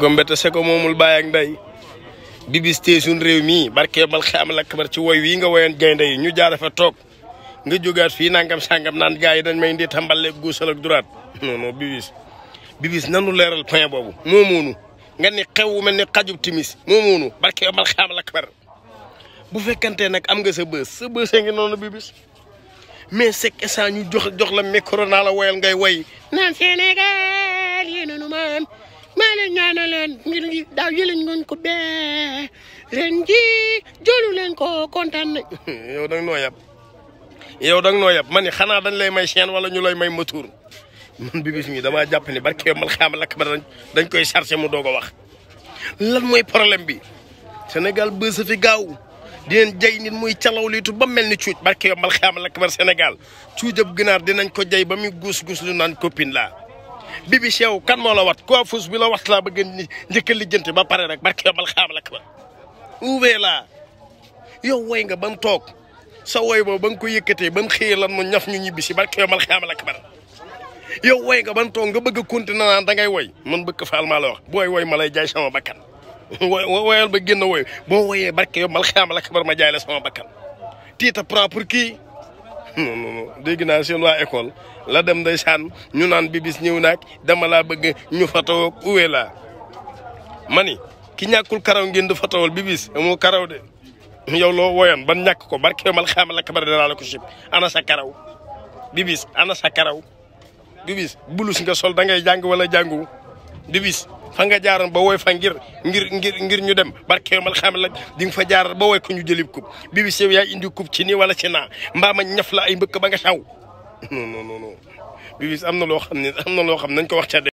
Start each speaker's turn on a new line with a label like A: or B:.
A: ko mbette seko moomul baay ak nday bibis tey suñ réew mii barkee bal xe am lakkabar ci woy wii nga woyaan gaynde yi ñu jaare fa toog nga jógaat fii nangam sangam naan gars yi dañ may ndi tambale guusal ak duraat non non bibis bibis nanu leeral point boobu moomoonu nga ni xew mel ni xajub timis moomoonu barkee bal xe am bar bu fekkantee nag am nga sa bës sa bësee ngi noonu bibis mais c'est que ñu jox jox la micro naa woyal ngay
B: woy naan Sénégal ren ngir daaw jëlee ngeen ko bee ren jii jëlu leen ko kontaan nañ.
A: yow da nga noo yab yow da nga ma ni xanaa dañ lay may chaîne wala ñu lay may matuur man bi bis mi damaa jàpp ni barke mal xaamal ak dañ koy chargé mu doog a wax. lan mooy problème bi senegal bës fi gaaw dinañ jay nit muy calawliitu ba mel ni cuuj barke yombal xaamal ak Sénégal cuujab ginaar dinañ ko jay ba muy guus guus lu naan copine laa. bibi sew kan moo la wat coiffeuse bi la wat laa bëgg ni njëkk a ba pare rek barke bal xaamal ak ba uwee laa yow woy nga ba toog sa woy boobu ba nga ko yëkkatee ba mu xëyee lan mu ñaf ñu ñibbi si barke bal xaamal ak ba yow woy nga ban toog nga bëgg a continuer naan da ngay woy man bëgg faal maa la wax booy woy ma lay jaay sama bakkan wo woyal ba woy boo woyee barke yow mal xaamal ak ma jaay la sama bakkan tiita prend pour kii non dégg naa seen waa école la dem ndeysaan ñu naan bi bis ñëw naag dama laa bëgg ñu fatawoo uwe laa ma ni ki ñàkkul karaw ngeen di fatawal bi bis amoo karaw de yow loo woyoon ban ñàkk ko barke mal xaama la kabar danaa la ko sib ana sa karaw bi bis sa karaw bi bis bulus nga sol da ngay jàng wala jàngu bi fa nga jaaral ba woy fa ngir ngir ngir ngir ñu dem barke mal xam la di nga fa jaaral ba woy ko ñu jëlib coupe bi bi yaay indi coupe ci nii wala ci naa mbaa ma ñaf la ay mbëkk ba nga saw non non non non am na loo xam ne am na loo xam nañ ko wax ca